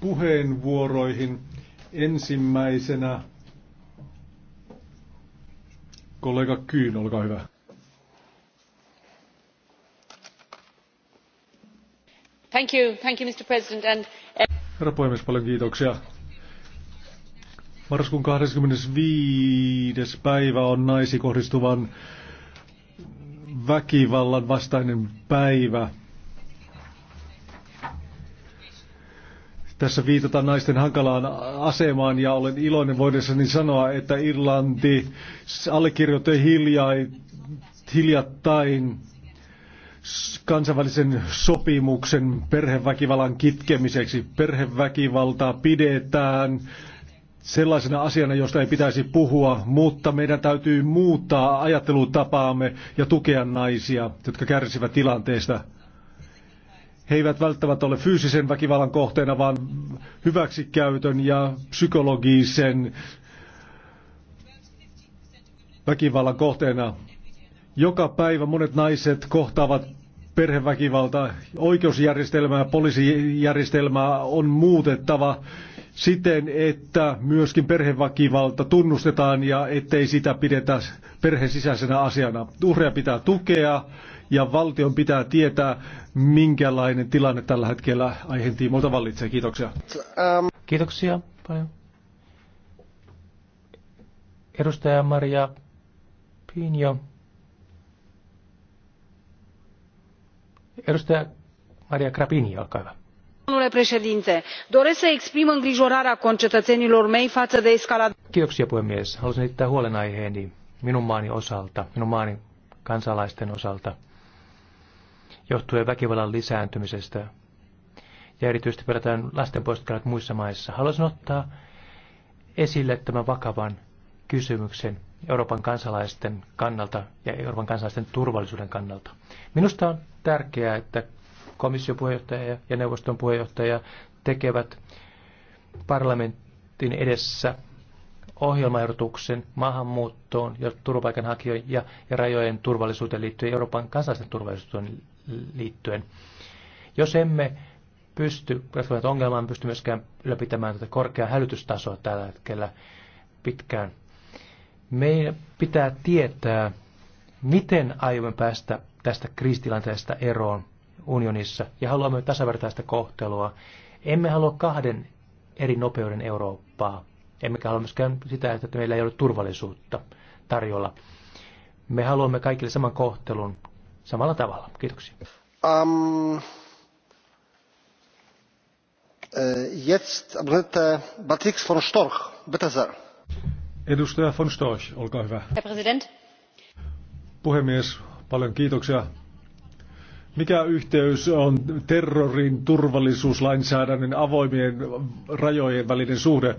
puheenvuoroihin. Ensimmäisenä kollega Kyyn, olkaa hyvä. Thank you, thank you, Mr. President. And... Eh, Herra puhemies, paljon kiitoksia. Marraskuun 25. päivä on naisi kohdistuvan väkivallan vastainen päivä. Tässä viitataan naisten hankalaan asemaan ja olen iloinen voidessani sanoa, että Irlanti allekirjoitti hiljattain kansainvälisen sopimuksen perheväkivallan kitkemiseksi. Perheväkivaltaa pidetään sellaisena asiana, josta ei pitäisi puhua, mutta meidän täytyy muuttaa ajattelutapaamme ja tukea naisia, jotka kärsivät tilanteesta. He eivät välttämättä ole fyysisen väkivallan kohteena, vaan hyväksikäytön ja psykologisen väkivallan kohteena. Joka päivä monet naiset kohtaavat perheväkivaltaa, oikeusjärjestelmää ja poliisijärjestelmää on muutettava siten, että myöskin perheväkivalta tunnustetaan ja ettei sitä pidetä perheen sisäisenä asiana. Uhreja pitää tukea ja valtion pitää tietää, minkälainen tilanne tällä hetkellä aiheen tiimoilta vallitsee. Kiitoksia. Ähm. Kiitoksia paljon. Edustaja Maria Pinjo. Edustaja Maria Krapini, olkaa hyvä domnule președinte doresc să exprim îngrijorarea concetățenilor mei față de escaladarea. Kiitoksia puhemies. Haluaisin esittää huolenaiheeni minun maani osalta, minun maani kansalaisten osalta johtuen väkivallan lisääntymisestä. Ja erityisesti pelätään lasten poistokäynnit muissa maissa. Haluaisin ottaa esille tämän vakavan kysymyksen Euroopan kansalaisten kannalta ja Euroopan kansalaisten turvallisuuden kannalta. Minusta on tärkeää, että komission puheenjohtaja ja neuvoston puheenjohtaja tekevät parlamentin edessä ohjelmaehdotuksen maahanmuuttoon ja turvapaikanhakijoihin ja, ja rajojen turvallisuuteen liittyen Euroopan kansalaisten turvallisuuteen liittyen. Jos emme pysty ratkaisemaan ongelmaa, pysty myöskään ylläpitämään tätä korkeaa hälytystasoa tällä hetkellä pitkään. Meidän pitää tietää, miten aiomme päästä tästä kriisitilanteesta eroon unionissa ja haluamme tasavertaista kohtelua. Emme halua kahden eri nopeuden Eurooppaa, emmekä halua myöskään sitä, että meillä ei ole turvallisuutta tarjolla. Me haluamme kaikille saman kohtelun samalla tavalla. Kiitoksia. Um, jetzt Batix von Storch, bitte sehr. Edustaja von Storch, olkaa hyvä. Herr Präsident. Puhemies, paljon kiitoksia. Mikä yhteys on terrorin turvallisuuslainsäädännön avoimien rajojen välinen suhde?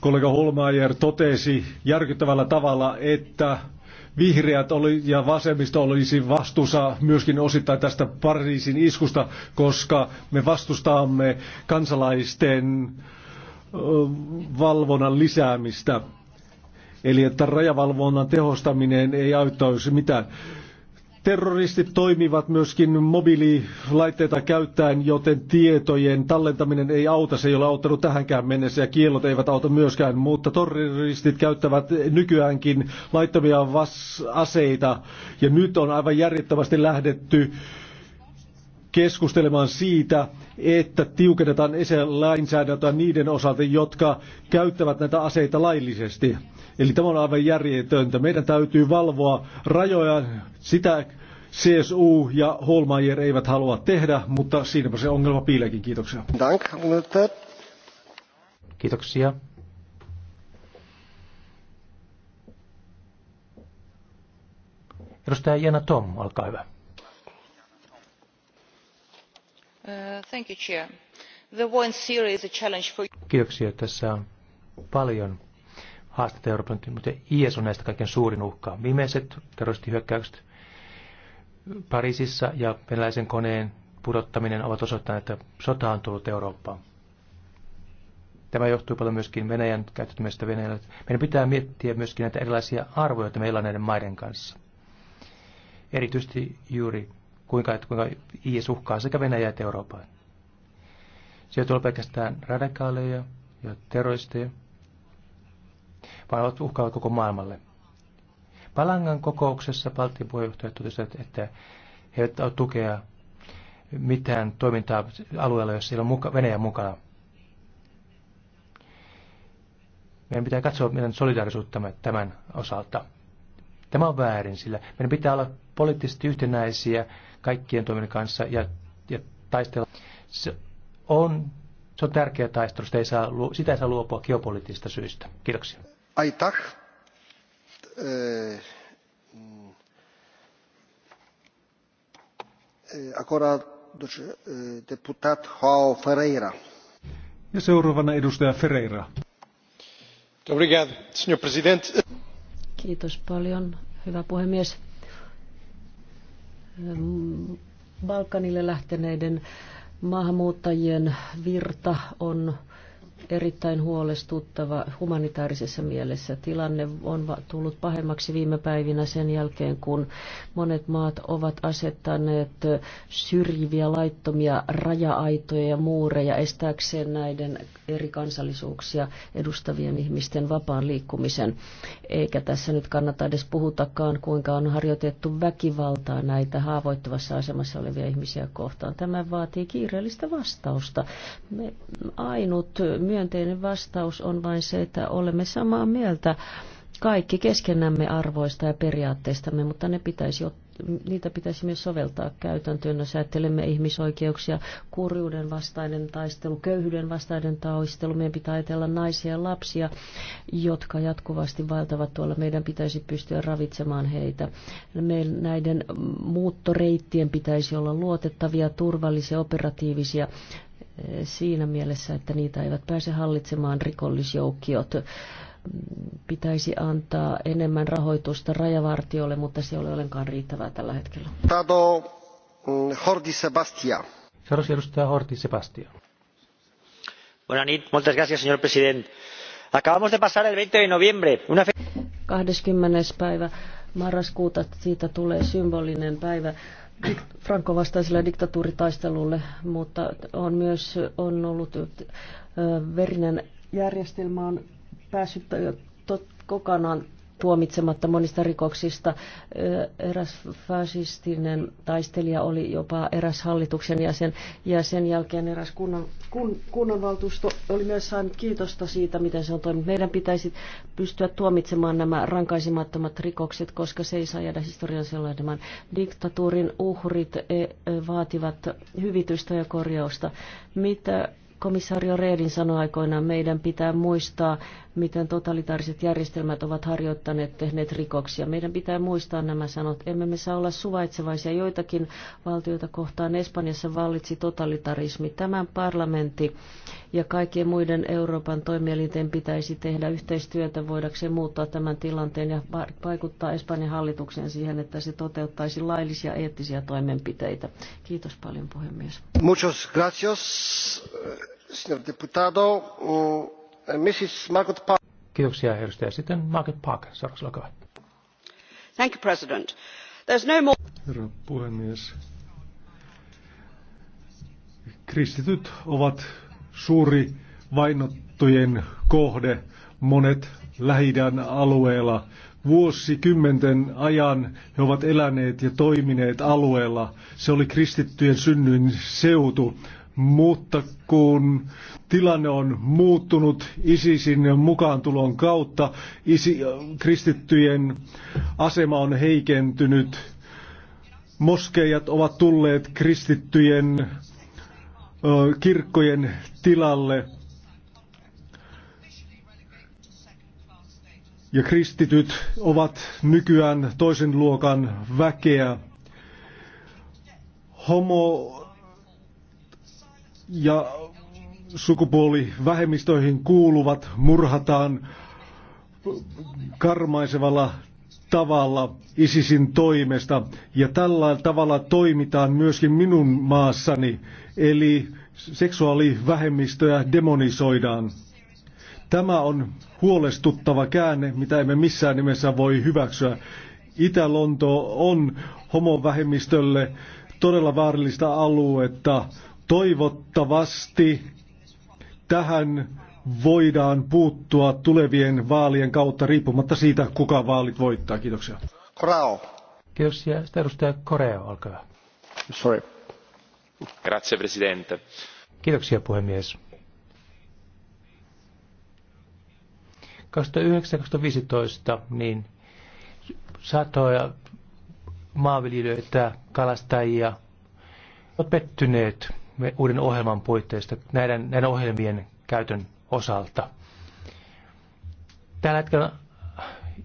Kollega Holmeier totesi järkyttävällä tavalla, että vihreät oli, ja vasemmisto olisi vastuussa myöskin osittain tästä Pariisin iskusta, koska me vastustamme kansalaisten valvonnan lisäämistä. Eli että rajavalvonnan tehostaminen ei auttaisi mitään. Terroristit toimivat myöskin mobiililaitteita käyttäen, joten tietojen tallentaminen ei auta. Se ei ole auttanut tähänkään mennessä ja kiellot eivät auta myöskään, mutta terroristit käyttävät nykyäänkin laittomia aseita. Ja nyt on aivan järjettömästi lähdetty keskustelemaan siitä, että tiukennetaan lainsäädäntöä niiden osalta, jotka käyttävät näitä aseita laillisesti. Eli tämä on aivan järjetöntä. Meidän täytyy valvoa rajoja. Sitä CSU ja Holmeier eivät halua tehdä, mutta siinäpä se ongelma piileekin. Kiitoksia. Dank. Kiitoksia. Edustaja Jena Tom, olkaa hyvä. Uh, Kiitoksia. Tässä on paljon haasteita Euroopan, mutta IS on näistä kaikkein suurin uhka. Viimeiset terroristihyökkäykset Pariisissa ja venäläisen koneen pudottaminen ovat osoittaneet, että sota on tullut Eurooppaan. Tämä johtuu paljon myöskin Venäjän käyttäytymisestä Venäjällä. Meidän pitää miettiä myöskin näitä erilaisia arvoja, joita meillä on näiden maiden kanssa. Erityisesti juuri kuinka, että kuinka IS uhkaa sekä Venäjää että Eurooppaa. Siellä tulee pelkästään radikaaleja ja terroristeja, vaan uhkaavat koko maailmalle. Palangan kokouksessa Baltian puheenjohtaja totesi, että he eivät ole tukea mitään toimintaa alueella, jos siellä on muka, Venäjä mukana. Meidän pitää katsoa meidän solidaarisuuttamme tämän osalta. Tämä on väärin, sillä meidän pitää olla poliittisesti yhtenäisiä kaikkien toimien kanssa ja, ja taistella. Se on, se on tärkeä taistelu, sitä ei saa, sitä ei saa luopua geopoliittisista syistä. Kiitoksia. Aitak. Mm. Akora deputat Joao Ferreira. Ja seuraavana edustaja Ferreira. Obrigado, senhor presidente. Kiitos paljon, hyvä puhemies. Ähm, Balkanille lähteneiden maahanmuuttajien virta on erittäin huolestuttava humanitaarisessa mielessä. Tilanne on tullut pahemmaksi viime päivinä sen jälkeen, kun monet maat ovat asettaneet syrjiviä laittomia raja-aitoja ja muureja estääkseen näiden eri kansallisuuksia edustavien ihmisten vapaan liikkumisen. Eikä tässä nyt kannata edes puhutakaan, kuinka on harjoitettu väkivaltaa näitä haavoittuvassa asemassa olevia ihmisiä kohtaan. Tämä vaatii kiireellistä vastausta. Me ainut myö- myönteinen vastaus on vain se, että olemme samaa mieltä kaikki keskenämme arvoista ja periaatteistamme, mutta ne pitäisi niitä pitäisi myös soveltaa käytäntöön, jos ajattelemme ihmisoikeuksia, kurjuuden vastainen taistelu, köyhyyden vastainen taistelu. Meidän pitää ajatella naisia ja lapsia, jotka jatkuvasti valtavat tuolla. Meidän pitäisi pystyä ravitsemaan heitä. Meidän näiden muuttoreittien pitäisi olla luotettavia, turvallisia, operatiivisia siinä mielessä, että niitä eivät pääse hallitsemaan rikollisjoukkiot. Pitäisi antaa enemmän rahoitusta rajavartiolle, mutta se ei ole ollenkaan riittävää tällä hetkellä. Tato Horti mm, Sebastia. Seuraavaksi edustaja Horti Sebastia. Buenanit, muchas gracias, señor presidente. Acabamos de pasar el 20 de noviembre, una fe... 20. päivä marraskuuta siitä tulee symbolinen päivä frankovastaiselle diktatuuritaistelulle, mutta on myös on ollut verinen järjestelmä on päässyt kokonaan tuomitsematta monista rikoksista. Eräs fasistinen taistelija oli jopa eräs hallituksen jäsen ja sen jälkeen eräs kunnan, kun, kunnanvaltuusto oli myös saanut kiitosta siitä, miten se on toiminut. Meidän pitäisi pystyä tuomitsemaan nämä rankaisimattomat rikokset, koska se ei saa jäädä historian sellainen. Diktatuurin uhrit e, e, vaativat hyvitystä ja korjausta. Mitä komissaario Reedin sanoi aikoinaan, meidän pitää muistaa miten totalitaariset järjestelmät ovat harjoittaneet, tehneet rikoksia. Meidän pitää muistaa nämä sanot. Emme me saa olla suvaitsevaisia joitakin valtioita kohtaan. Espanjassa vallitsi totalitarismi. Tämän parlamentti ja kaikkien muiden Euroopan toimielinten pitäisi tehdä yhteistyötä voidakseen muuttaa tämän tilanteen ja vaikuttaa Espanjan hallituksen siihen, että se toteuttaisi laillisia eettisiä toimenpiteitä. Kiitos paljon puhemies. Muchos gracias, señor diputado. Kiitoksia Margaret Park, no Herra puhemies. Kristityt ovat suuri vainottujen kohde. Monet lähi alueella vuosikymmenten ajan he ovat eläneet ja toimineet alueella. Se oli kristittyjen synnyin seutu mutta kun tilanne on muuttunut ISISin mukaantulon kautta, isi, kristittyjen asema on heikentynyt, moskeijat ovat tulleet kristittyjen ö, kirkkojen tilalle ja kristityt ovat nykyään toisen luokan väkeä. Homo ja sukupuolivähemmistöihin kuuluvat murhataan karmaisevalla tavalla ISISin toimesta. Ja tällä tavalla toimitaan myöskin minun maassani, eli seksuaalivähemmistöjä demonisoidaan. Tämä on huolestuttava käänne, mitä emme missään nimessä voi hyväksyä. Itä-Lonto on homovähemmistölle todella vaarallista aluetta. Toivottavasti tähän voidaan puuttua tulevien vaalien kautta riippumatta siitä, kuka vaalit voittaa. Kiitoksia. Korao. Kiitoksia. Sitten edustaja Koreo, olkaa hyvä. Sorry. Grazie, presidente. Kiitoksia, puhemies. 2009-2015 niin satoja maanviljelijöitä, kalastajia ovat pettyneet uuden ohjelman puitteista näiden, näiden ohjelmien käytön osalta. Tällä hetkellä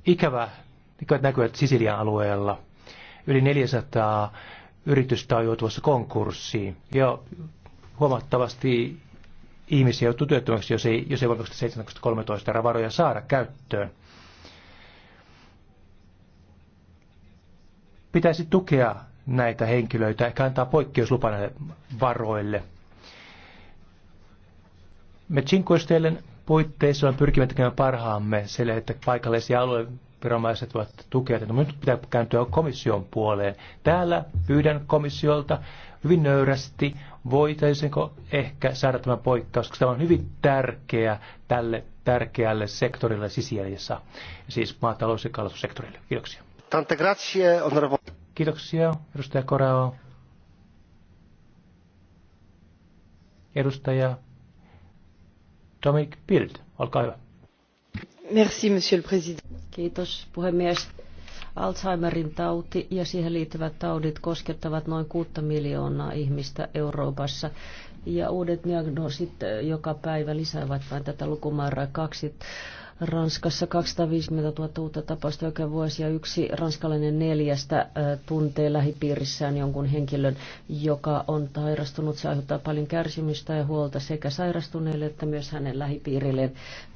ikävä, ikävät näkyvät Sisilian alueella. Yli 400 yritystä on joutuvassa konkurssiin ja huomattavasti ihmisiä joutuu työttömäksi, jos ei, jos ei voi 2013 ravaroja saada käyttöön. Pitäisi tukea näitä henkilöitä, ehkä antaa poikkeuslupa näille varoille. Me Cinquestellen puitteissa on pyrkimme tekemään parhaamme sille, että paikallisia viranomaiset voivat tukea että Nyt pitää kääntyä komission puoleen. Täällä pyydän komissiolta hyvin nöyrästi, voitaisiinko ehkä saada tämä poikkeus, koska tämä on hyvin tärkeä tälle tärkeälle sektorille sisijäljessä, siis maatalous- ja kalastussektorille. Kiitoksia. Tante grazie, onorevole. Kiitoksia, edustaja Korao. Edustaja Dominic Bild, olkaa hyvä. Merci, monsieur le président. Kiitos, puhemies. Alzheimerin tauti ja siihen liittyvät taudit koskettavat noin 6 miljoonaa ihmistä Euroopassa. Ja uudet diagnoosit eh, joka päivä lisäävät vain tätä lukumäärää kaksi Ranskassa 250 000 uutta tapausta joka vuosi ja yksi ranskalainen neljästä tuntee lähipiirissään jonkun henkilön, joka on sairastunut. Se aiheuttaa paljon kärsimystä ja huolta sekä sairastuneille että myös hänen lähipiirilleen.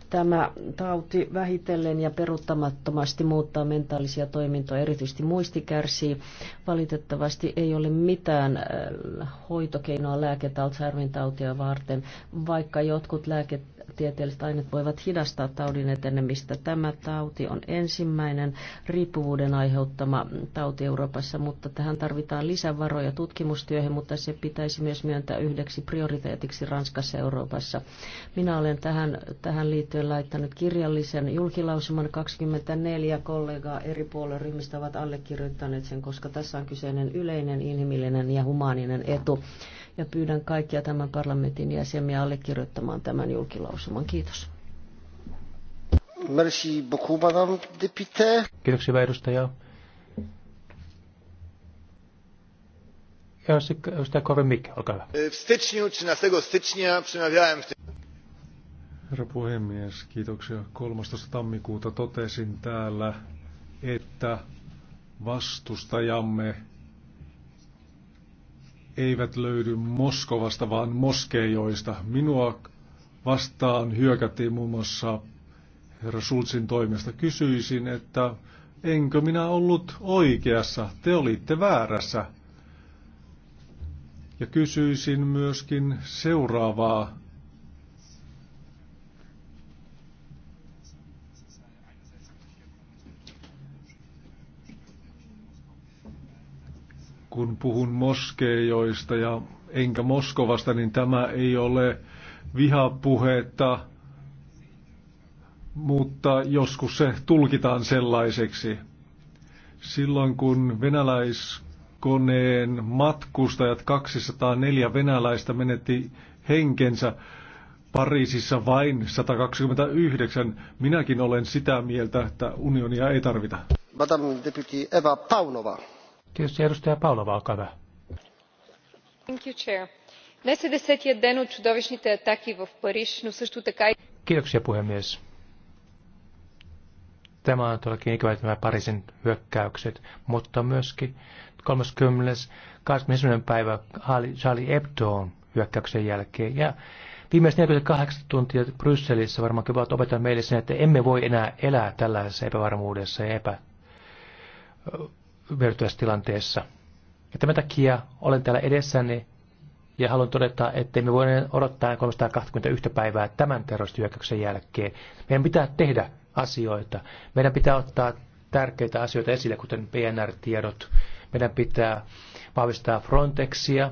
Tämä tauti vähitellen ja peruuttamattomasti muuttaa mentaalisia toimintoja, erityisesti muisti kärsii. Valitettavasti ei ole mitään äh, hoitokeinoa lääkettä Alzheimerin tautia varten, vaikka jotkut lääketieteelliset aineet voivat hidastaa taudin etenemistä. Tämä tauti on ensimmäinen riippuvuuden aiheuttama tauti Euroopassa, mutta tähän tarvitaan lisävaroja tutkimustyöhön, mutta se pitäisi myös myöntää yhdeksi prioriteetiksi Ranskassa Euroopassa. Minä olen tähän, tähän liittyen on laittanut kirjallisen julkilausuman. 24 kollegaa eri puolueryhmistä ovat allekirjoittaneet sen, koska tässä on kyseinen yleinen, inhimillinen ja humaaninen etu. Ja pyydän kaikkia tämän parlamentin jäseniä allekirjoittamaan tämän julkilausuman. Kiitos. Merci beaucoup, madame député. Kiitoksia, hyvä edustaja. W styczniu, 13 stycznia przemawiałem w tym... Herra puhemies, kiitoksia. 13. tammikuuta totesin täällä, että vastustajamme eivät löydy Moskovasta, vaan moskeijoista. Minua vastaan hyökättiin muun muassa herra Sultsin toimesta. Kysyisin, että enkö minä ollut oikeassa, te olitte väärässä. Ja kysyisin myöskin seuraavaa kun puhun moskeijoista ja enkä Moskovasta, niin tämä ei ole vihapuhetta, mutta joskus se tulkitaan sellaiseksi. Silloin kun venäläiskoneen matkustajat 204 venäläistä menetti henkensä, Pariisissa vain 129. Minäkin olen sitä mieltä, että unionia ei tarvita. Madame Deputy Eva Paunova. Kiitos. Edustaja Paula, olkaa hyvä. Thank you, Chair. Kiitoksia puhemies. Tämä on todellakin ikävä tämä Pariisin hyökkäykset, mutta myöskin 30. 21. päivä Charlie Hebdoon hyökkäyksen jälkeen. Ja viimeiset 48 tuntia Brysselissä varmaankin ovat opettaneet meille sen, että emme voi enää elää tällaisessa epävarmuudessa ja epä vertaistilanteessa. tilanteessa. Ja tämän takia olen täällä edessäni ja haluan todeta, että me voimme odottaa 321 päivää tämän terroristihyökkäyksen jälkeen. Meidän pitää tehdä asioita. Meidän pitää ottaa tärkeitä asioita esille, kuten PNR-tiedot. Meidän pitää vahvistaa Frontexia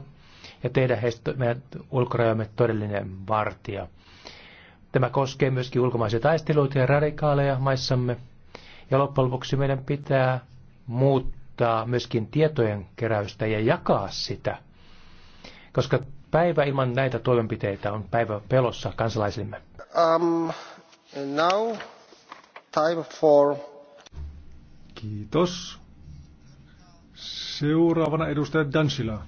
ja tehdä heistä meidän ulkorajamme todellinen vartija. Tämä koskee myöskin ulkomaisia taisteluita ja radikaaleja maissamme. Ja loppujen lopuksi meidän pitää muuttaa helpottaa myöskin tietojen keräystä ja jakaa sitä, koska päivä ilman näitä toimenpiteitä on päivä pelossa kansalaisillemme. Um, now time for... Kiitos. Seuraavana edustaja Dansila.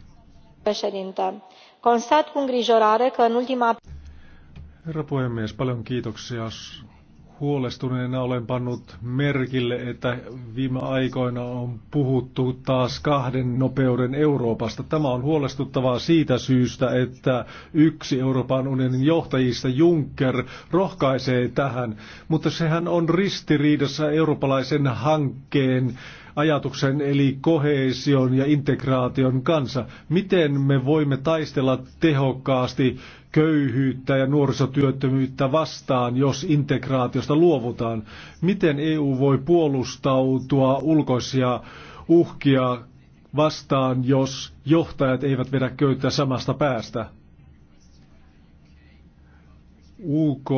Președinte, constat cu îngrijorare că în ultima... Herra puhemies, paljon kiitoksia. Huolestuneena olen pannut merkille, että viime aikoina on puhuttu taas kahden nopeuden Euroopasta. Tämä on huolestuttavaa siitä syystä, että yksi Euroopan unionin johtajista, Juncker, rohkaisee tähän. Mutta sehän on ristiriidassa eurooppalaisen hankkeen ajatuksen eli kohesion ja integraation kanssa. Miten me voimme taistella tehokkaasti köyhyyttä ja nuorisotyöttömyyttä vastaan, jos integraatiosta luovutaan? Miten EU voi puolustautua ulkoisia uhkia vastaan, jos johtajat eivät vedä köyttä samasta päästä? UK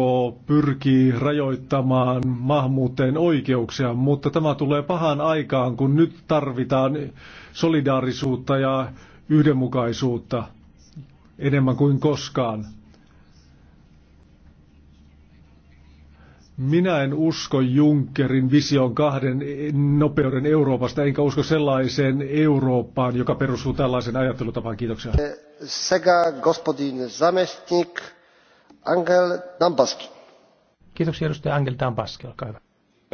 pyrkii rajoittamaan maahanmuuttajien oikeuksia, mutta tämä tulee pahan aikaan, kun nyt tarvitaan solidaarisuutta ja yhdenmukaisuutta enemmän kuin koskaan. Minä en usko Junckerin vision kahden nopeuden Euroopasta, enkä usko sellaiseen Eurooppaan, joka perustuu tällaisen ajattelutapaan. Kiitoksia. Eh, Sega gospodin zamestnik Angel Dambaski. Kiitoksia edustaja Angel Dambaski, olkaa hyvä.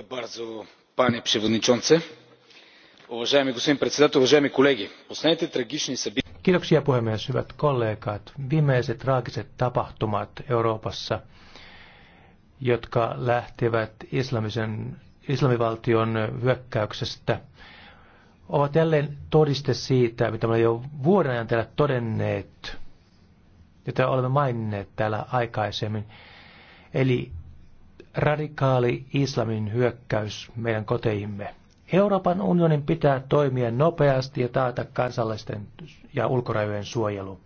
Bardzo, panie przewodniczący. Уважаеми kusin predsedatu, уважаеми колеги, последните трагични sabi... Kiitoksia puhemies, hyvät kollegat. Viimeiset traagiset tapahtumat Euroopassa, jotka lähtevät islamisen, islamivaltion hyökkäyksestä, ovat jälleen todiste siitä, mitä me jo vuoden ajan täällä todenneet, jota olemme maininneet täällä aikaisemmin. Eli radikaali islamin hyökkäys meidän koteihimme. Euroopan unionin pitää toimia nopeasti ja taata kansallisten ja ulkorajojen suojelu.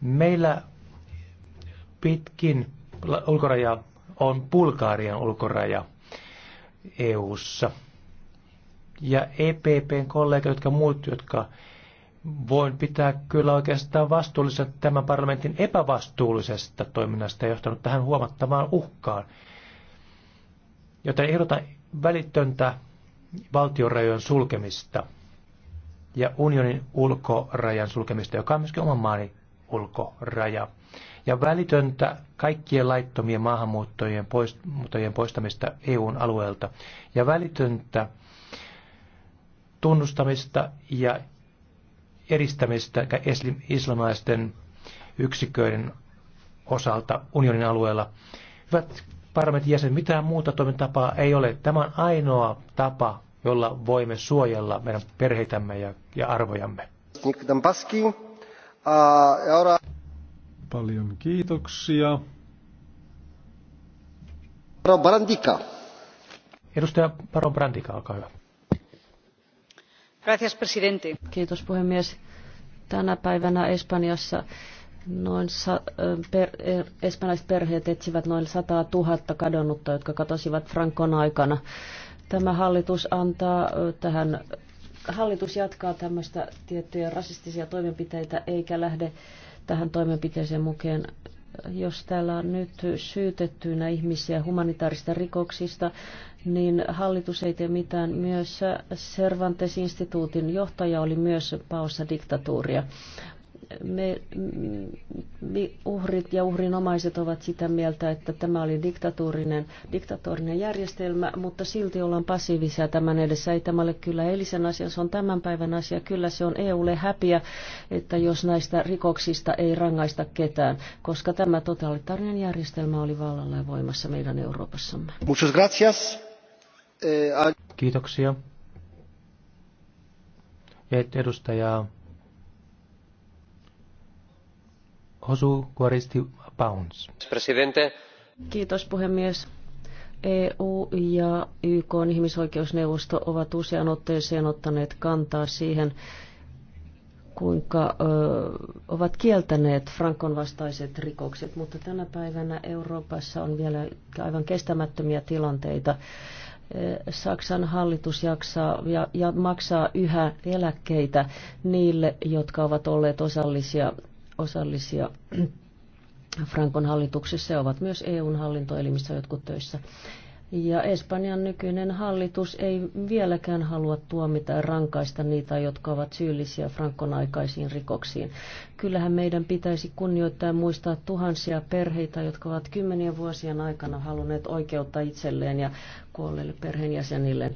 Meillä pitkin ulkoraja on Bulgarian ulkoraja EU:ssa. Ja EPPn kollega, jotka muut, jotka voin pitää kyllä oikeastaan vastuullisena tämän parlamentin epävastuullisesta toiminnasta ja johtanut tähän huomattavaan uhkaan. Joten ehdotan välitöntä valtionrajojen sulkemista ja unionin ulkorajan sulkemista, joka on myöskin oman maani ulkoraja. Ja välitöntä kaikkien laittomien maahanmuuttojen poist- poistamista EUn alueelta. Ja välitöntä tunnustamista ja eristämistä islamaisten yksiköiden osalta unionin alueella. Hyvät parlamentin jäsen, mitään muuta toimintapaa ei ole. Tämä on ainoa tapa, jolla voimme suojella meidän perheitämme ja, ja arvojamme. Paljon kiitoksia. Brandika. Edustaja Baron Brandika, olkaa hyvä. Gracias, Kiitos puhemies. Tänä päivänä Espanjassa Noin sa- per- espanjalaiset perheet etsivät noin 100 000 kadonnutta, jotka katosivat Frankon aikana. Tämä hallitus antaa tähän hallitus jatkaa tämmöistä tiettyjä rasistisia toimenpiteitä eikä lähde tähän toimenpiteeseen mukaan. Jos täällä on nyt syytettyinä ihmisiä humanitaarista rikoksista, niin hallitus ei tee mitään. Myös Cervantes-instituutin johtaja oli myös paossa diktatuuria me, me, mm, uhrit ja uhrinomaiset ovat sitä mieltä, että tämä oli diktatuurinen, diktatorinen järjestelmä, mutta silti ollaan passiivisia tämän edessä. Ei tämä ole kyllä eilisen asia, se on tämän päivän asia. Kyllä se on EUlle häpiä, että jos näistä rikoksista ei rangaista ketään, koska tämä totalitaarinen järjestelmä oli vallalla ja voimassa meidän Euroopassamme. Eh, Kiitoksia. Ja edustaja Presidente. Kiitos puhemies. EU ja YK ihmisoikeusneuvosto ovat usean otteeseen ottaneet kantaa siihen, kuinka ö, ovat kieltäneet Frankon vastaiset rikokset, mutta tänä päivänä Euroopassa on vielä aivan kestämättömiä tilanteita. E, Saksan hallitus jaksaa ja, ja maksaa yhä eläkkeitä niille, jotka ovat olleet osallisia osallisia Frankon hallituksessa ja ovat myös EUn hallintoelimissä jotkut töissä. Ja Espanjan nykyinen hallitus ei vieläkään halua tuomita ja rankaista niitä, jotka ovat syyllisiä Frankon aikaisiin rikoksiin. Kyllähän meidän pitäisi kunnioittaa ja muistaa tuhansia perheitä, jotka ovat kymmenien vuosien aikana halunneet oikeutta itselleen ja kuolleille perheenjäsenille.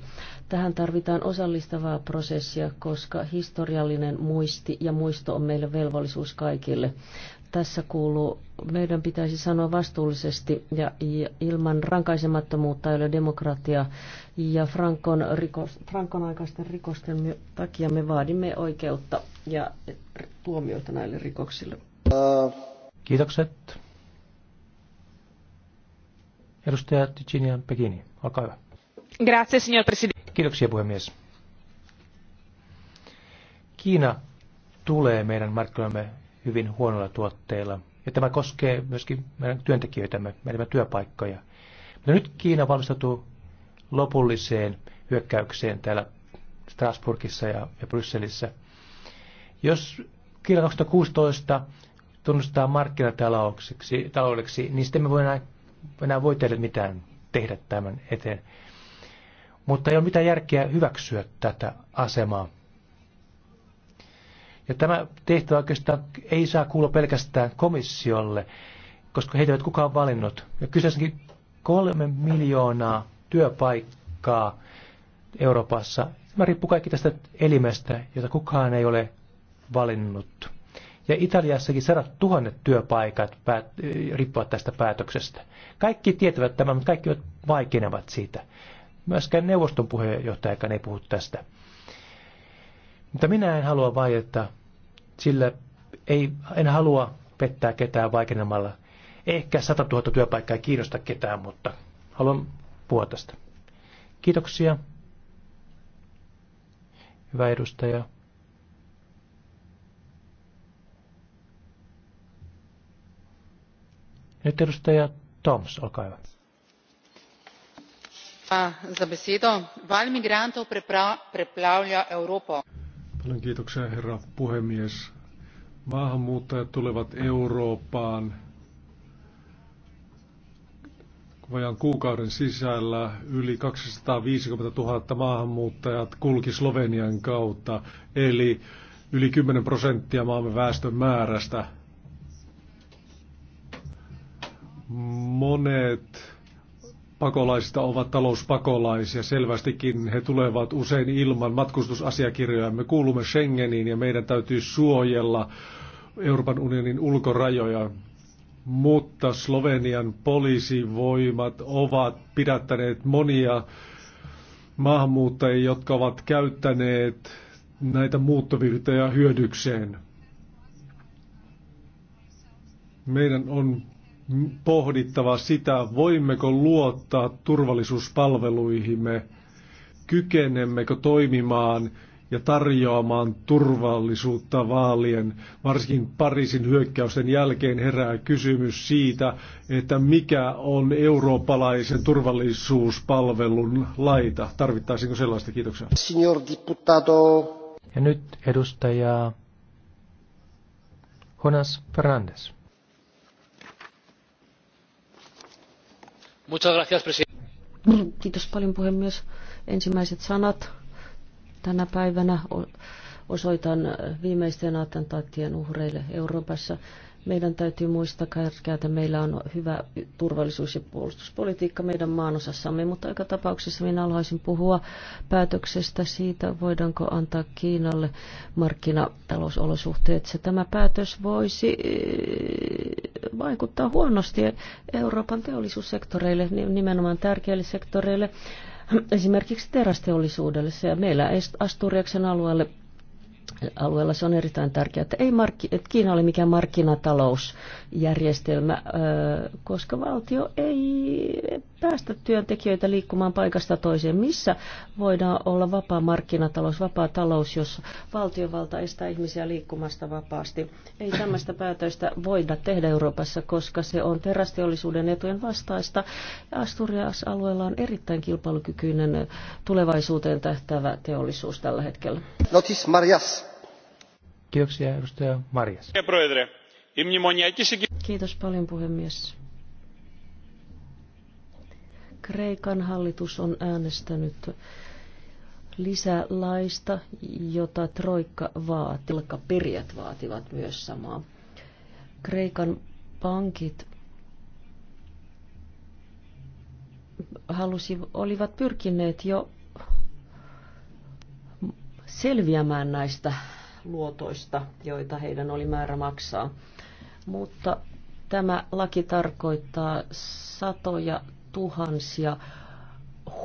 Tähän tarvitaan osallistavaa prosessia, koska historiallinen muisti ja muisto on meille velvollisuus kaikille tässä kuuluu, meidän pitäisi sanoa vastuullisesti ja, ilman rankaisemattomuutta ei ole demokratia. Ja Frankon, rikos, Frankon aikaisten rikosten takia me vaadimme oikeutta ja tuomioita näille rikoksille. Kiitokset. Edustaja Ticinian Pekini, olkaa hyvä. Grazie, signor Presidente. Kiitoksia, puhemies. Kiina tulee meidän markkinoimme hyvin huonoilla tuotteilla. Ja tämä koskee myöskin meidän työntekijöitämme, meidän työpaikkoja. Mutta nyt Kiina valmistautuu lopulliseen hyökkäykseen täällä Strasbourgissa ja, ja Brysselissä. Jos Kiina 2016 tunnustaa markkinataloudeksi, taloudeksi, niin sitten me voidaan enää voi tehdä mitään tehdä tämän eteen. Mutta ei ole mitään järkeä hyväksyä tätä asemaa. Ja tämä tehtävä oikeastaan ei saa kuulua pelkästään komissiolle, koska heitä ei kukaan valinnut. Ja kyseessäkin kolme miljoonaa työpaikkaa Euroopassa. Tämä riippuu kaikki tästä elimestä, jota kukaan ei ole valinnut. Ja Italiassakin sadat tuhannet työpaikat päät- riippuvat tästä päätöksestä. Kaikki tietävät tämän, mutta kaikki vaikenevat siitä. Myöskään neuvoston puheenjohtajakaan ei puhu tästä. Mutta minä en halua vaieta, sillä ei, en halua pettää ketään vaikenemalla. Ehkä 100 000 työpaikkaa ei kiinnosta ketään, mutta haluan puhua tästä. Kiitoksia. Hyvä edustaja. Nyt edustaja Toms, olkaa hyvä. Za besedo. Val migrantov preplavlja Evropo. Paljon kiitoksia, herra puhemies. Maahanmuuttajat tulevat Eurooppaan vajan kuukauden sisällä yli 250 000 maahanmuuttajat kulki Slovenian kautta, eli yli 10 prosenttia maamme väestön määrästä. Monet pakolaisista ovat talouspakolaisia. Selvästikin he tulevat usein ilman matkustusasiakirjoja. Me kuulumme Schengeniin ja meidän täytyy suojella Euroopan unionin ulkorajoja. Mutta Slovenian poliisivoimat ovat pidättäneet monia maahanmuuttajia, jotka ovat käyttäneet näitä muuttovirtoja hyödykseen. Meidän on pohdittava sitä, voimmeko luottaa turvallisuuspalveluihimme, kykenemmekö toimimaan ja tarjoamaan turvallisuutta vaalien. Varsinkin Pariisin hyökkäysten jälkeen herää kysymys siitä, että mikä on eurooppalaisen turvallisuuspalvelun laita. Tarvittaisiinko sellaista? Kiitoksia. Signor diputato. Ja nyt edustaja Jonas Fernandes. Kiitos paljon puhemies. Ensimmäiset sanat tänä päivänä osoitan viimeisten attentaattien uhreille Euroopassa. Meidän täytyy muistaa kärkää, että meillä on hyvä turvallisuus- ja puolustuspolitiikka meidän maanosassamme, mutta aika tapauksessa minä haluaisin puhua päätöksestä siitä, voidaanko antaa Kiinalle markkinatalousolosuhteet. Se tämä päätös voisi e, vaikuttaa huonosti Euroopan teollisuussektoreille, nimenomaan tärkeille sektoreille, esimerkiksi terästeollisuudelle. Ja meillä Asturiaksen alueelle alueella se on erittäin tärkeää, että, ei markki, että Kiina ole mikään markkinatalousjärjestelmä, koska valtio ei päästä työntekijöitä liikkumaan paikasta toiseen. Missä voidaan olla vapaa markkinatalous, vapaa talous, jos valtiovalta estää ihmisiä liikkumasta vapaasti? Ei tämmöistä päätöstä voida tehdä Euroopassa, koska se on terästeollisuuden etujen vastaista. Asturias-alueella on erittäin kilpailukykyinen tulevaisuuteen tähtävä teollisuus tällä hetkellä. Notis Marjas. Kiitoksia, edustaja Marjas. Kiitos paljon, puhemies. Kreikan hallitus on äänestänyt lisälaista, jota Troikka vaati, perjät vaativat myös samaa. Kreikan pankit halusi, olivat pyrkineet jo selviämään näistä luotoista, joita heidän oli määrä maksaa. Mutta tämä laki tarkoittaa satoja tuhansia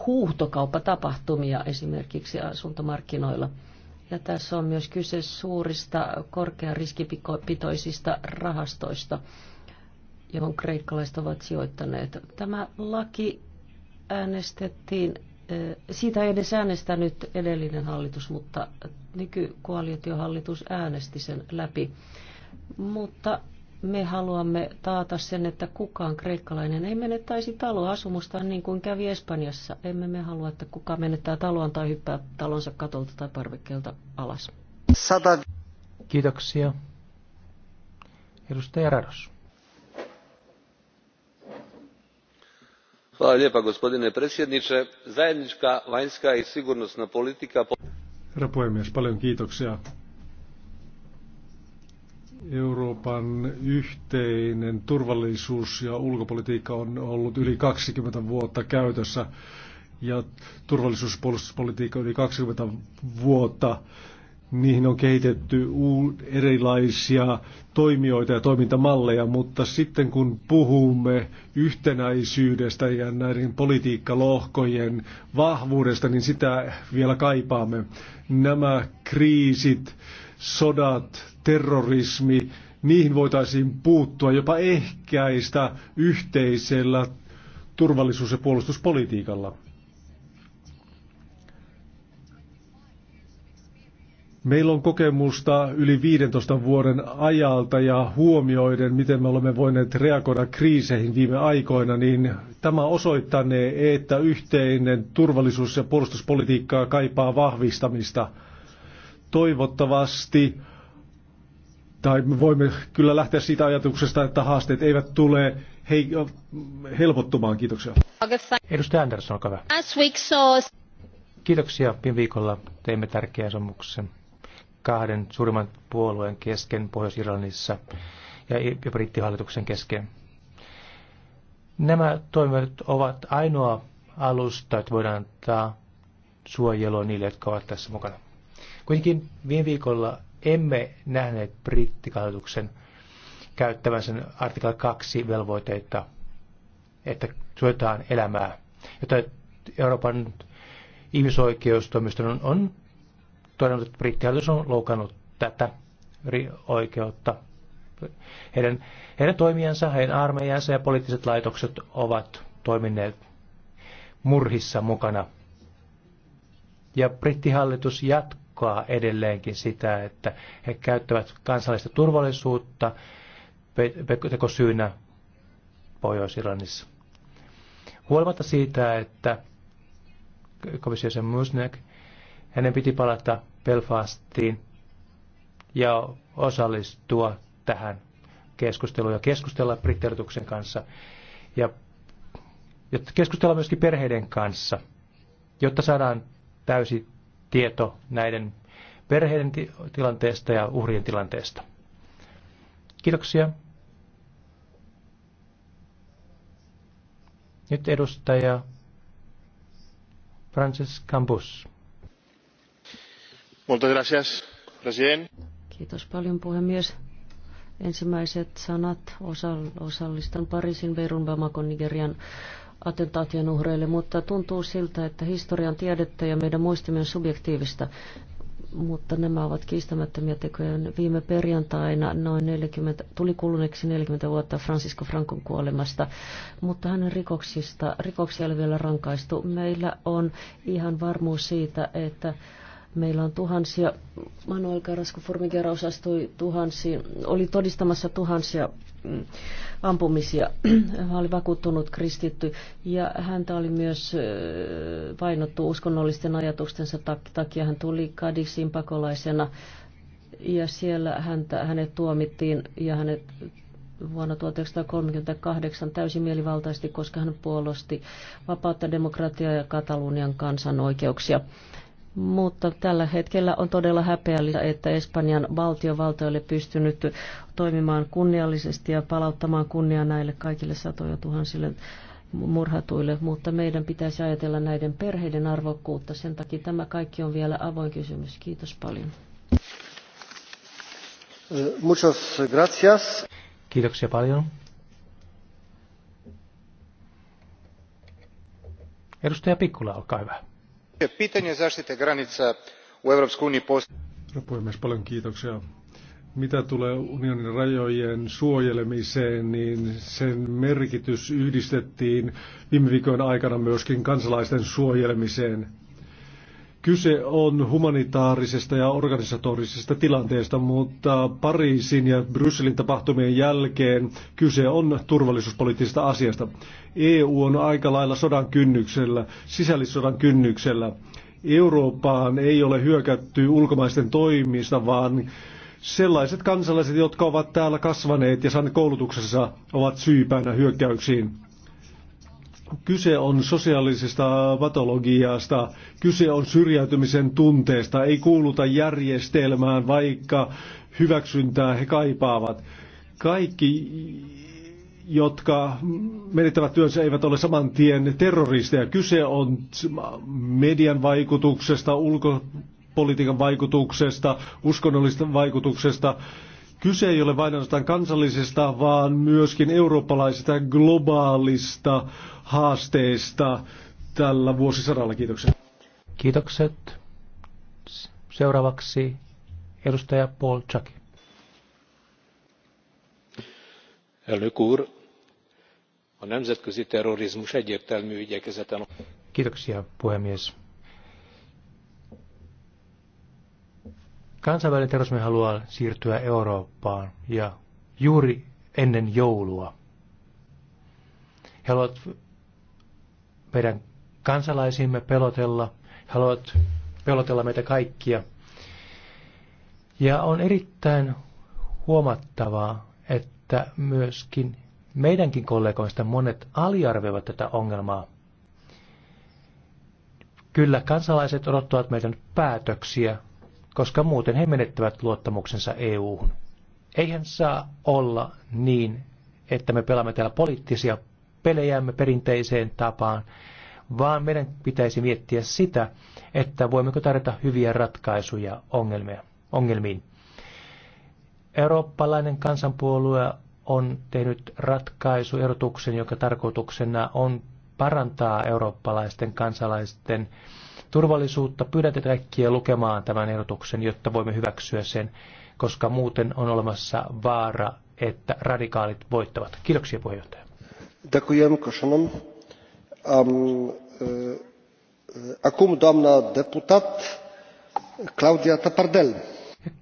huuhtokauppatapahtumia esimerkiksi asuntomarkkinoilla. Ja tässä on myös kyse suurista korkean riskipitoisista rahastoista, johon kreikkalaiset ovat sijoittaneet. Tämä laki äänestettiin, eh, siitä ei edes äänestänyt edellinen hallitus, mutta nykykoalitiohallitus äänesti sen läpi. Mutta me haluamme taata sen, että kukaan kreikkalainen ei menettäisi taloasumustaan niin kuin kävi Espanjassa. Emme me halua, että kukaan menettää taloon tai hyppää talonsa katolta tai parvekkeelta alas. Sata. Kiitoksia. Edustaja Rados. gospodine predsjedniče zajednička vanjska i sigurnosna politika. Herra puhemies, paljon kiitoksia. Euroopan yhteinen turvallisuus ja ulkopolitiikka on ollut yli 20 vuotta käytössä ja turvallisuuspuolustuspolitiikka yli 20 vuotta niihin on kehitetty erilaisia toimijoita ja toimintamalleja, mutta sitten kun puhumme yhtenäisyydestä ja näiden politiikkalohkojen vahvuudesta, niin sitä vielä kaipaamme. Nämä kriisit, sodat, terrorismi, niihin voitaisiin puuttua jopa ehkäistä yhteisellä turvallisuus- ja puolustuspolitiikalla. Meillä on kokemusta yli 15 vuoden ajalta ja huomioiden, miten me olemme voineet reagoida kriiseihin viime aikoina, niin tämä osoittanee, että yhteinen turvallisuus- ja puolustuspolitiikkaa kaipaa vahvistamista. Toivottavasti, tai me voimme kyllä lähteä siitä ajatuksesta, että haasteet eivät tule hei, helpottumaan. Kiitoksia. Edustaja Andersson, olkaa hyvä. Kiitoksia. Viime viikolla teimme tärkeän sopimuksen kahden suurimman puolueen kesken Pohjois-Irlannissa ja brittihallituksen kesken. Nämä toimet ovat ainoa alusta, että voidaan antaa suojelua niille, jotka ovat tässä mukana. Kuitenkin viime viikolla emme nähneet brittihallituksen käyttävän sen artikla 2 velvoiteita, että suojataan elämää, jota Euroopan ihmisoikeustoimiston on, on todennut, että brittihallitus on loukannut tätä oikeutta. Heidän, heidän toimijansa, heidän armeijansa ja poliittiset laitokset ovat toimineet murhissa mukana. Ja brittihallitus jatkaa edelleenkin sitä, että he käyttävät kansallista turvallisuutta tekosyynä Pohjois-Irlannissa. Huolimatta siitä, että komissio Musnek, hänen piti palata Belfastiin ja osallistua tähän keskusteluun ja keskustella brittihallituksen kanssa. Ja jotta keskustella myöskin perheiden kanssa, jotta saadaan täysi tieto näiden perheiden tilanteesta ja uhrien tilanteesta. Kiitoksia. Nyt edustaja Francis Campus. Kiitos paljon puhemies. Ensimmäiset sanat osallistan Pariisin, Beirun, Bamakon, Nigerian attentaation uhreille, mutta tuntuu siltä, että historian tiedettä ja meidän muistimme on subjektiivista mutta nämä ovat kiistämättömiä tekoja. Viime perjantaina noin 40, tuli kuluneeksi 40 vuotta Francisco Francon kuolemasta, mutta hänen rikoksista, rikoksia ei ole vielä rankaistu. Meillä on ihan varmuus siitä, että Meillä on tuhansia, Manuel Carrasco Formigera osastui tuhansia, oli todistamassa tuhansia mm, ampumisia. Hän oli vakuuttunut kristitty ja häntä oli myös painottu uskonnollisten ajatustensa takia. Hän tuli Kadisin pakolaisena ja siellä häntä, hänet tuomittiin ja hänet vuonna 1938 täysin mielivaltaisesti, koska hän puolusti vapautta, demokratiaa ja Katalunian kansan oikeuksia. Mutta tällä hetkellä on todella häpeällistä, että Espanjan valtiovalta ei ole pystynyt toimimaan kunniallisesti ja palauttamaan kunnia näille kaikille satoja tuhansille murhatuille, mutta meidän pitäisi ajatella näiden perheiden arvokkuutta. Sen takia tämä kaikki on vielä avoin kysymys. Kiitos paljon. Eh, muchas gracias. Kiitoksia paljon. Edustaja Pikkula, olkaa hyvä pitanje zaštite granica u Euroopan unionin Herra puhemies, paljon kiitoksia. Mitä tulee unionin rajojen suojelemiseen, niin sen merkitys yhdistettiin viime viikon aikana myöskin kansalaisten suojelemiseen. Kyse on humanitaarisesta ja organisatorisesta tilanteesta, mutta Pariisin ja Brysselin tapahtumien jälkeen kyse on turvallisuuspoliittisesta asiasta. EU on aika lailla sodan kynnyksellä, sisällissodan kynnyksellä. Eurooppaan ei ole hyökätty ulkomaisten toimista, vaan sellaiset kansalaiset, jotka ovat täällä kasvaneet ja saaneet koulutuksessa, ovat syypäinä hyökkäyksiin. Kyse on sosiaalisesta patologiasta, kyse on syrjäytymisen tunteesta, ei kuuluta järjestelmään, vaikka hyväksyntää he kaipaavat. Kaikki, jotka menettävät työnsä, eivät ole saman tien terroristeja. Kyse on median vaikutuksesta, ulkopolitiikan vaikutuksesta, uskonnollisesta vaikutuksesta. Kyse ei ole vain ainoastaan kansallisesta, vaan myöskin eurooppalaisista globaalista haasteista tällä vuosisadalla. Kiitokset. Kiitokset. Seuraavaksi edustaja Paul Chuck. Elnök úr, a nemzetközi terrorizmus egyértelmű igyekezeten... Kiitoksia, puhemies. Kansainvälinen terrorismi haluaa siirtyä Eurooppaan ja juuri ennen joulua. He haluavat meidän kansalaisimme pelotella, he haluavat pelotella meitä kaikkia. Ja on erittäin huomattavaa, että myöskin meidänkin kollegoista monet aliarvioivat tätä ongelmaa. Kyllä kansalaiset odottavat meidän päätöksiä, koska muuten he menettävät luottamuksensa EU-hun. Eihän saa olla niin, että me pelaamme täällä poliittisia pelejämme perinteiseen tapaan, vaan meidän pitäisi miettiä sitä, että voimmeko tarjota hyviä ratkaisuja ongelmia, ongelmiin. Eurooppalainen kansanpuolue on tehnyt ratkaisuerotuksen, joka tarkoituksena on parantaa eurooppalaisten kansalaisten turvallisuutta. Pyydän teitä kaikkia lukemaan tämän ehdotuksen, jotta voimme hyväksyä sen, koska muuten on olemassa vaara, että radikaalit voittavat. Kiitoksia puheenjohtaja. Dakujem, Koshanom. Um, e, e, akum deputat Claudia Tapardell.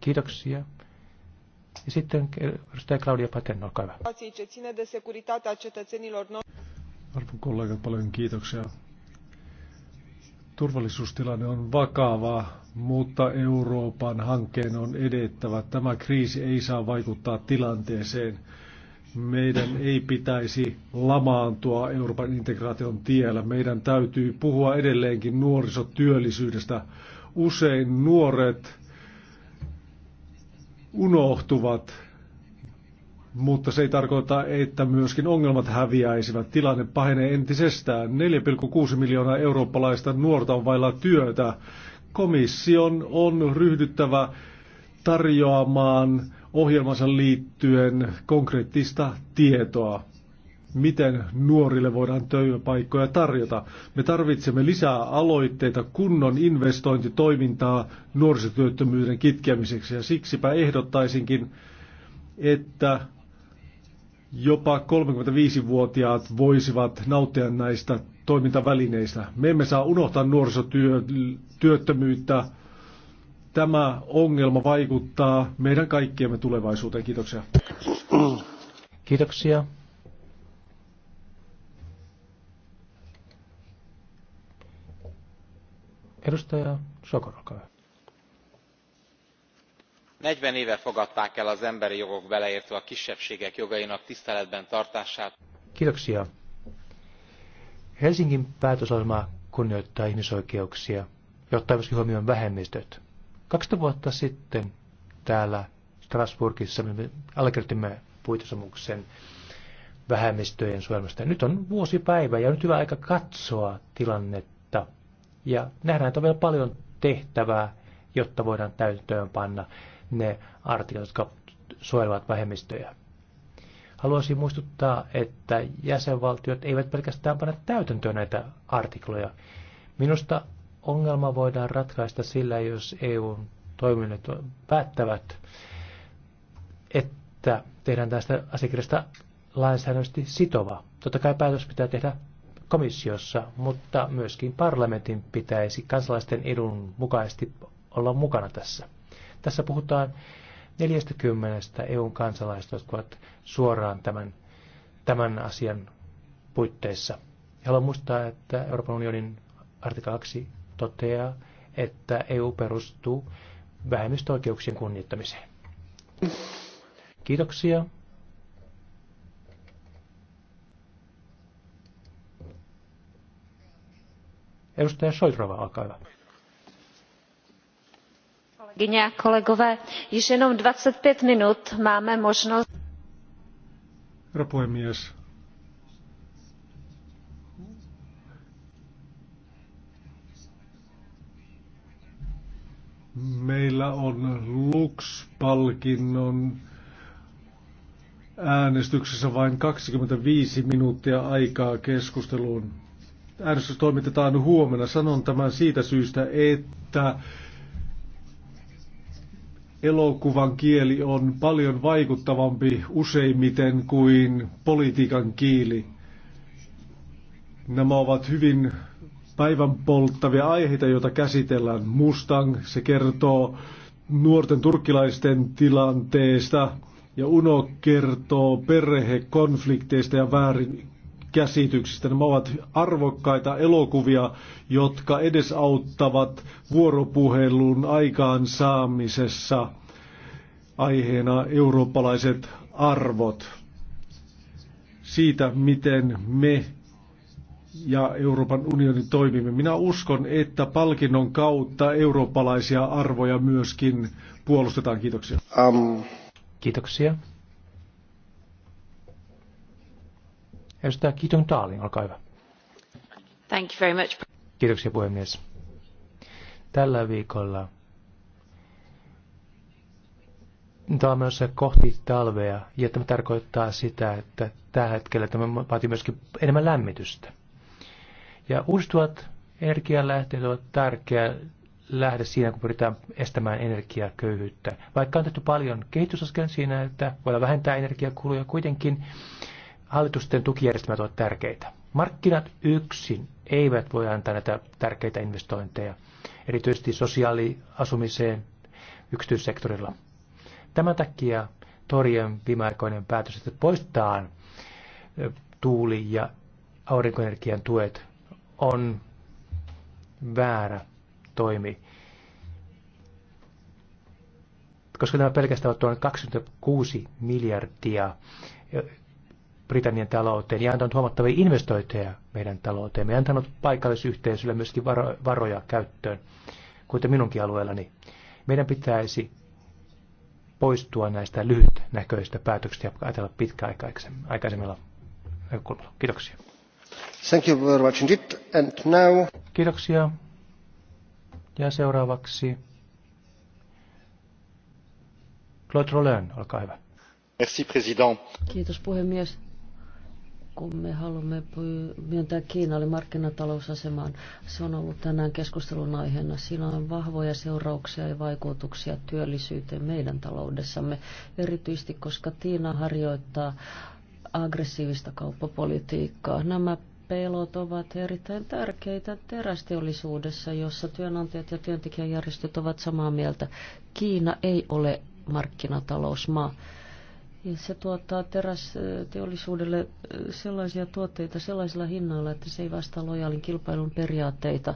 Kiitoksia. Ja sitten e, edustaja Claudia Paten, olkaa hyvä. Arvon kollegat, paljon kiitoksia. Turvallisuustilanne on vakava, mutta Euroopan hankkeen on edettävä. Tämä kriisi ei saa vaikuttaa tilanteeseen. Meidän ei pitäisi lamaantua Euroopan integraation tiellä. Meidän täytyy puhua edelleenkin nuorisotyöllisyydestä. Usein nuoret unohtuvat mutta se ei tarkoita, että myöskin ongelmat häviäisivät. Tilanne pahenee entisestään. 4,6 miljoonaa eurooppalaista nuorta on vailla työtä. Komission on ryhdyttävä tarjoamaan ohjelmansa liittyen konkreettista tietoa, miten nuorille voidaan työpaikkoja tarjota. Me tarvitsemme lisää aloitteita kunnon investointitoimintaa nuorisotyöttömyyden kitkemiseksi ja siksipä ehdottaisinkin, että Jopa 35-vuotiaat voisivat nauttia näistä toimintavälineistä. Me emme saa unohtaa nuorisotyöttömyyttä. Tämä ongelma vaikuttaa meidän kaikkiemme tulevaisuuteen. Kiitoksia. Kiitoksia. Edustaja Sokorokaa forty éve fogadták el az emberi jogok beleértve a kisebbségek jogainak tiszteletben tartását. Kiitoksia. Helsingin päätöslauselma kunnioittaa ihmisoikeuksia ja ottaa myöskin huomioon vähemmistöt. 20 vuotta sitten täällä Strasbourgissa me allekirjoitimme puitesomuksen vähemmistöjen suojelmasta. Nyt on vuosi päivä ja nyt hyvä aika katsoa tilannetta. Ja nähdään, että on vielä paljon tehtävää, jotta voidaan täyttöön panna ne artiklat, jotka suojelevat vähemmistöjä. Haluaisin muistuttaa, että jäsenvaltiot eivät pelkästään pane täytäntöön näitä artikloja. Minusta ongelma voidaan ratkaista sillä, jos EUn toiminnot päättävät, että tehdään tästä asiakirjasta lainsäädännöllisesti sitova. Totta kai päätös pitää tehdä komissiossa, mutta myöskin parlamentin pitäisi kansalaisten edun mukaisesti olla mukana tässä. Tässä puhutaan 40 EUn kansalaista, jotka ovat suoraan tämän, tämän asian puitteissa. haluan muistaa, että Euroopan unionin artikla 2 toteaa, että EU perustuu vähemmistöoikeuksien kunnioittamiseen. Kiitoksia. Edustaja Soitrova, olkaa hyvä kolegyně a kollegové již jenom twenty five minut máme možnost. herra puhemies meillä on lux palkinnon äänestyksessä vain 25 minuuttia aikaa keskusteluun. Äänestys toimitetaan huomenna. Sanon tämän siitä syystä, että elokuvan kieli on paljon vaikuttavampi useimmiten kuin politiikan kieli. Nämä ovat hyvin päivän polttavia aiheita, joita käsitellään. Mustang, se kertoo nuorten turkkilaisten tilanteesta ja Uno kertoo perhekonflikteista ja väärin käsityksistä. Nämä ovat arvokkaita elokuvia, jotka edesauttavat vuoropuhelun aikaansaamisessa aiheena eurooppalaiset arvot. Siitä, miten me ja Euroopan unioni toimimme. Minä uskon, että palkinnon kautta eurooppalaisia arvoja myöskin puolustetaan. Kiitoksia. Um. Kiitoksia. Edustaja Kitun Taalin, olkaa hyvä. Thank you very much. Kiitoksia puhemies. Tällä viikolla tämä on menossa kohti talvea, ja tämä tarkoittaa sitä, että tällä hetkellä tämä vaatii myöskin enemmän lämmitystä. Ja uudistuvat energialähteet ovat tärkeä lähde siinä, kun pyritään estämään energiaköyhyyttä. Vaikka on tehty paljon kehitysaskel siinä, että voidaan vähentää energiakuluja, kuitenkin hallitusten tukijärjestelmät ovat tärkeitä. Markkinat yksin eivät voi antaa näitä tärkeitä investointeja, erityisesti sosiaaliasumiseen yksityissektorilla. Tämän takia Torjen viimeaikoinen päätös, että poistetaan tuuli- ja aurinkoenergian tuet, on väärä toimi. Koska tämä pelkästään on 26 miljardia Britannian talouteen ja antanut huomattavia investointeja meidän talouteen. Me antanut paikallisyhteisölle myöskin varo, varoja käyttöön, kuten minunkin alueellani. Meidän pitäisi poistua näistä lyhytnäköistä päätöksistä ja ajatella pitkäaikaisemmilla näkökulmalla. Kiitoksia. Thank you very much indeed. And now... Kiitoksia. Ja seuraavaksi Claude Rollin, olkaa hyvä. Merci, président. Kiitos puhemies kun me haluamme myöntää Kiinalle markkinatalousasemaan. Se on ollut tänään keskustelun aiheena. Siinä on vahvoja seurauksia ja vaikutuksia työllisyyteen meidän taloudessamme, erityisesti koska Tiina harjoittaa aggressiivista kauppapolitiikkaa. Nämä pelot ovat erittäin tärkeitä terästeollisuudessa, jossa työnantajat ja työntekijäjärjestöt ovat samaa mieltä. Kiina ei ole markkinatalousmaa. Ja se tuottaa terästeollisuudelle sellaisia tuotteita sellaisilla hinnoilla, että se ei vastaa lojaalin kilpailun periaatteita.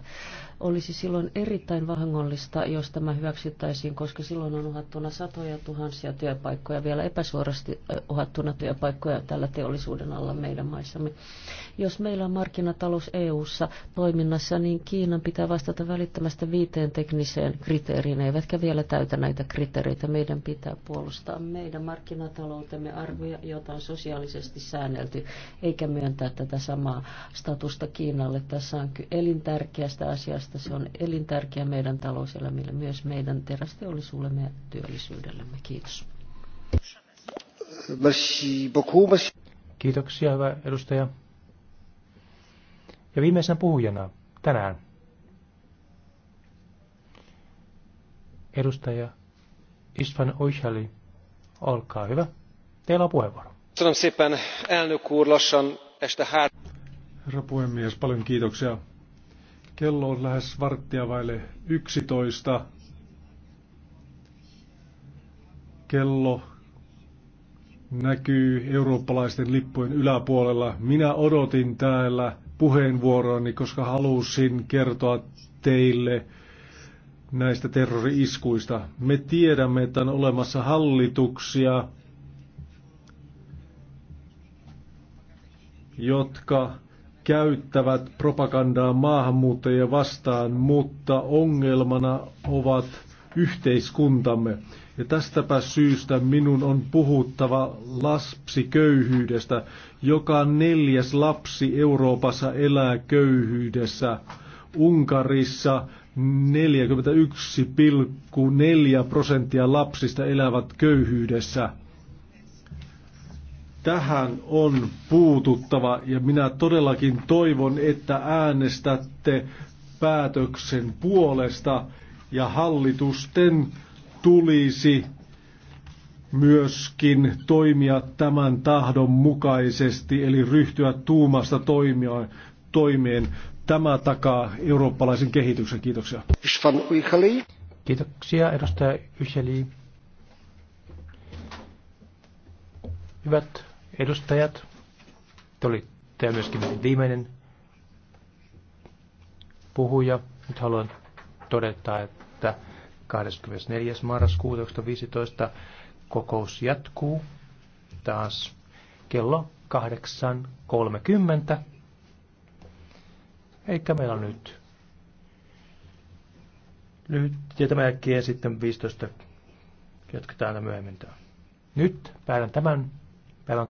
Olisi silloin erittäin vahingollista, jos tämä hyväksyttäisiin, koska silloin on uhattuna satoja tuhansia työpaikkoja, vielä epäsuorasti uhattuna työpaikkoja tällä teollisuuden alla meidän maissamme. Jos meillä on markkinatalous EU-ssa toiminnassa, niin Kiinan pitää vastata välittömästä viiteen tekniseen kriteeriin, eivätkä vielä täytä näitä kriteereitä. Meidän pitää puolustaa meidän markkinataloutemme arvoja, jota on sosiaalisesti säännelty, eikä myöntää tätä samaa statusta Kiinalle. Tässä on elintärkeästä asiasta puolesta. Se on elintärkeä meidän talouselämille, myös meidän terästeollisuudellemme ja työllisyydellemme. Kiitos. Kiitoksia, hyvä edustaja. Ja viimeisenä puhujana tänään edustaja Istvan Oishali, olkaa hyvä. Teillä on puheenvuoro. Herra puhemies, paljon kiitoksia. Kello on lähes varttia vaille 11. Kello näkyy eurooppalaisten lippujen yläpuolella. Minä odotin täällä puheenvuoroani, koska halusin kertoa teille näistä terrori-iskuista. Me tiedämme, että on olemassa hallituksia, jotka käyttävät propagandaa maahanmuuttajia vastaan, mutta ongelmana ovat yhteiskuntamme. Ja tästäpä syystä minun on puhuttava lapsiköyhyydestä. Joka neljäs lapsi Euroopassa elää köyhyydessä. Unkarissa 41,4 prosenttia lapsista elävät köyhyydessä. Tähän on puututtava ja minä todellakin toivon, että äänestätte päätöksen puolesta ja hallitusten tulisi myöskin toimia tämän tahdon mukaisesti, eli ryhtyä tuumasta toimia, toimeen. Tämä takaa eurooppalaisen kehityksen. Kiitoksia. Kiitoksia, edustaja Yhjeli. Hyvät edustajat. Te olitte myöskin viimeinen puhuja. Nyt haluan todeta, että 24. marraskuuta 2015 kokous jatkuu taas kello 8.30. Eikä meillä on nyt lyhyt, ja tämän jälkeen sitten 15 jatketaan myöhemmin. Nyt päätän tämän